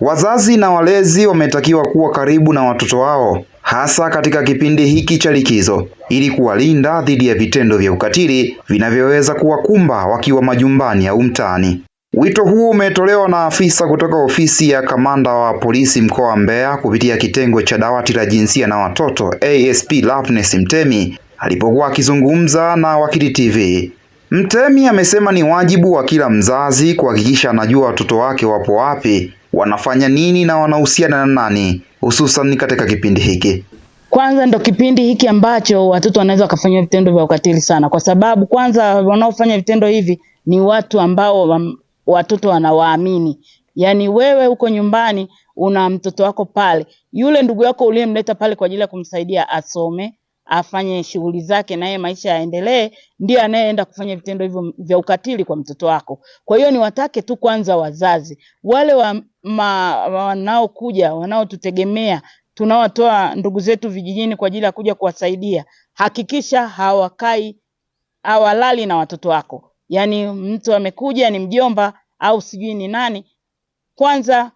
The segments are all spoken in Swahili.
Wazazi na walezi wametakiwa kuwa karibu na watoto wao hasa katika kipindi hiki cha likizo ili kuwalinda dhidi ya vitendo vya ukatili vinavyoweza kuwakumba wakiwa majumbani au mtaani. Wito huu umetolewa na afisa kutoka ofisi ya kamanda wa polisi mkoa wa Mbeya kupitia kitengo cha dawati la jinsia na watoto ASP Loveness Mtemi alipokuwa akizungumza na Wakili TV. Mtemi amesema ni wajibu wa kila mzazi kuhakikisha anajua watoto wake wapo wapi wanafanya nini na wanahusiana na nani, hususan katika kipindi hiki? Kwanza ndo kipindi hiki ambacho watoto wanaweza wakafanyia vitendo vya ukatili sana, kwa sababu kwanza wanaofanya vitendo hivi ni watu ambao watoto wanawaamini. Yaani wewe huko nyumbani una mtoto wako pale, yule ndugu yako uliyemleta pale kwa ajili ya kumsaidia asome, afanye shughuli zake naye maisha yaendelee, ndiye anayeenda kufanya vitendo hivyo vya ukatili kwa mtoto wako. Kwa hiyo niwatake tu kwanza wazazi wale wa wanaokuja wanaotutegemea tunawatoa ndugu zetu vijijini kwa ajili ya kuja kuwasaidia, hakikisha hawakai hawalali na watoto wako. Yaani mtu amekuja ni mjomba au sijui ni nani, kwanza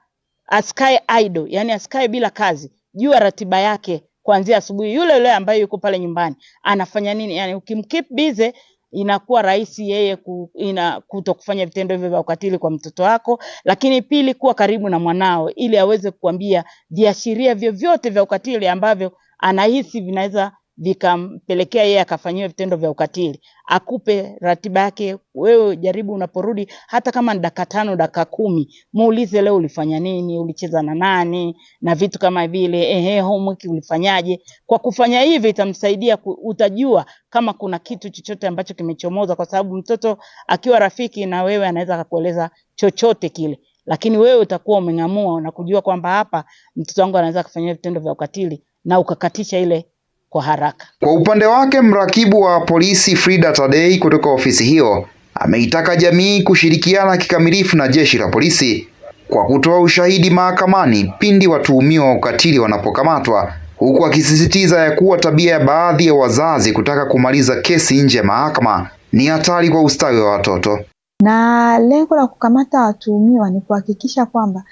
asikae idle, yani asikae bila kazi. Jua ratiba yake, kuanzia asubuhi, yule yule ambaye yuko pale nyumbani anafanya nini? Yani ukimkeep busy inakuwa rahisi yeye ku, ina, kuto kufanya vitendo hivyo vya ukatili kwa mtoto wako. Lakini pili, kuwa karibu na mwanao ili aweze kukwambia viashiria vyovyote vya ukatili ambavyo anahisi vinaweza vikampelekea yeye akafanyiwa vitendo vya ukatili, akupe ratiba yake. Wewe jaribu unaporudi, hata kama ni dakika tano dakika kumi, muulize leo ulifanya nini, ulicheza na nani na vitu kama vile, ehe, homework ulifanyaje. Kwa kufanya hivi itamsaidia, utajua kama kuna kitu chochote ambacho kimechomoza, kwa sababu mtoto akiwa rafiki na wewe anaweza akakueleza chochote kile lakini wewe utakuwa umeng'amua na kujua kwamba hapa mtoto wangu anaweza kufanyia vitendo vya ukatili na ukakatisha ile kwa haraka. Kwa upande wake, mrakibu wa polisi Frida Tadei kutoka ofisi hiyo ameitaka jamii kushirikiana kikamilifu na jeshi la polisi kwa kutoa ushahidi mahakamani pindi watuhumiwa wa ukatili wanapokamatwa, huku akisisitiza ya kuwa tabia ya baadhi ya wazazi kutaka kumaliza kesi nje ya mahakama ni hatari kwa ustawi wa watoto. Na lengo la kukamata watuhumiwa ni kuhakikisha kwamba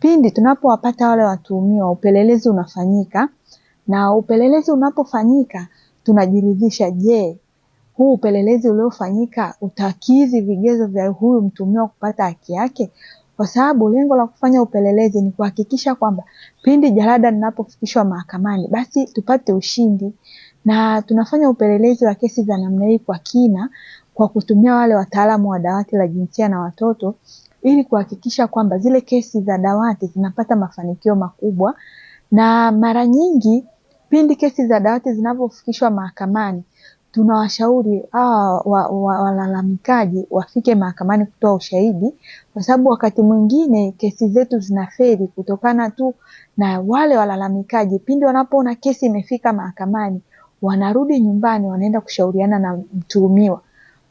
pindi tunapowapata wale watuhumiwa, upelelezi unafanyika na upelelezi unapofanyika tunajiridhisha, je, huu upelelezi uliofanyika utakidhi vigezo vya huyu mtumiwa kupata haki yake? Kwa sababu lengo la kufanya upelelezi ni kuhakikisha kwamba pindi jalada linapofikishwa mahakamani, basi tupate ushindi, na tunafanya upelelezi wa kesi za namna hii kwa kina kwa kutumia wale wataalamu wa dawati la jinsia na watoto ili kuhakikisha kwamba zile kesi za dawati zinapata mafanikio makubwa, na mara nyingi Pindi kesi za dawati zinavyofikishwa mahakamani, tunawashauri hawa ah, walalamikaji wa, wa, wafike mahakamani kutoa ushahidi, kwa sababu wakati mwingine kesi zetu zinaferi kutokana tu na wale walalamikaji. Pindi wanapoona kesi imefika mahakamani, wanarudi nyumbani, wanaenda kushauriana na mtuhumiwa,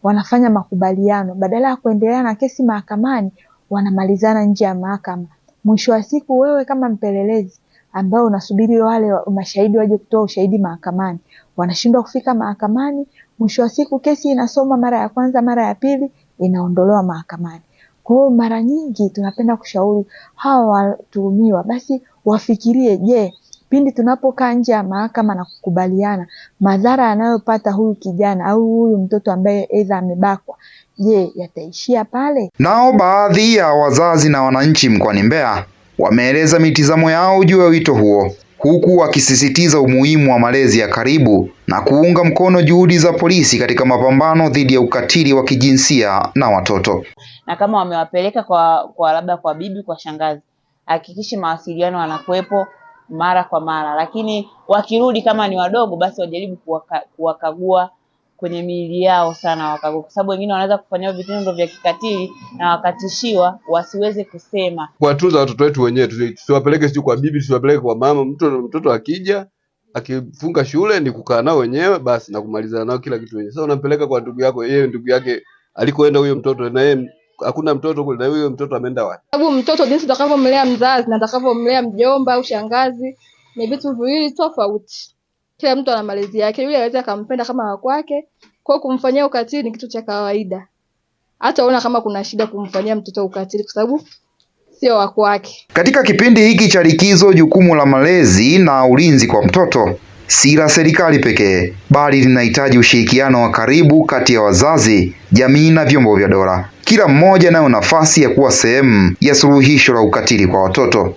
wanafanya makubaliano, badala ya kuendelea na kesi mahakamani, wanamalizana nje ya mahakama. Mwisho wa siku, wewe kama mpelelezi ambao unasubiri wale mashahidi waje kutoa ushahidi mahakamani, wanashindwa kufika mahakamani. Mwisho wa siku kesi inasoma mara ya kwanza, mara ya pili, inaondolewa mahakamani. Kwa hiyo mara nyingi tunapenda kushauri hawa watuhumiwa basi wafikirie, je, pindi tunapokaa nje ya mahakama na kukubaliana madhara anayopata huyu kijana au huyu mtoto ambaye aidha amebakwa, je, yataishia pale? Nao baadhi ya wazazi na wananchi mkoani Mbeya wameeleza mitizamo yao juu ya wito huo huku wakisisitiza umuhimu wa malezi ya karibu na kuunga mkono juhudi za polisi katika mapambano dhidi ya ukatili wa kijinsia na watoto. Na kama wamewapeleka kwa, kwa labda kwa bibi, kwa shangazi, hakikishi mawasiliano yanakuwepo mara kwa mara, lakini wakirudi kama ni wadogo, basi wajaribu kuwaka, kuwakagua kwenye miili yao sana wakago, kwa sababu wengine wanaweza kufanyiwa vitendo vya kikatili na wakatishiwa wasiweze kusema. Kuwatunza watoto wetu wenyewe, tusiwapeleke sijui kwa bibi, tusiwapeleke kwa mama. Mtu mtoto akija akifunga shule ni kukaa nao wenyewe basi na kumalizana nao kila kitu wenyewe. Sasa unampeleka kwa ndugu yako, yeye ndugu yake alikoenda huyo mtoto na yeye hakuna mtoto kule, na huyo mtoto ameenda wapi? Sababu mtoto jinsi utakavyomlea mzazi na utakavyomlea mjomba au shangazi ni vitu viwili tofauti kila mtu ana malezi yake, yule aweza akampenda kama wa kwake. Kwa kumfanyia ukatili ni kitu cha kawaida, hata uona kama kuna shida kumfanyia mtoto ukatili, kwa sababu sio wa kwake. Katika kipindi hiki cha likizo, jukumu la malezi na ulinzi kwa mtoto si la serikali pekee, bali linahitaji ushirikiano wa karibu kati ya wazazi, jamii na vyombo vya dola. Kila mmoja nayo nafasi ya kuwa sehemu ya suluhisho la ukatili kwa watoto.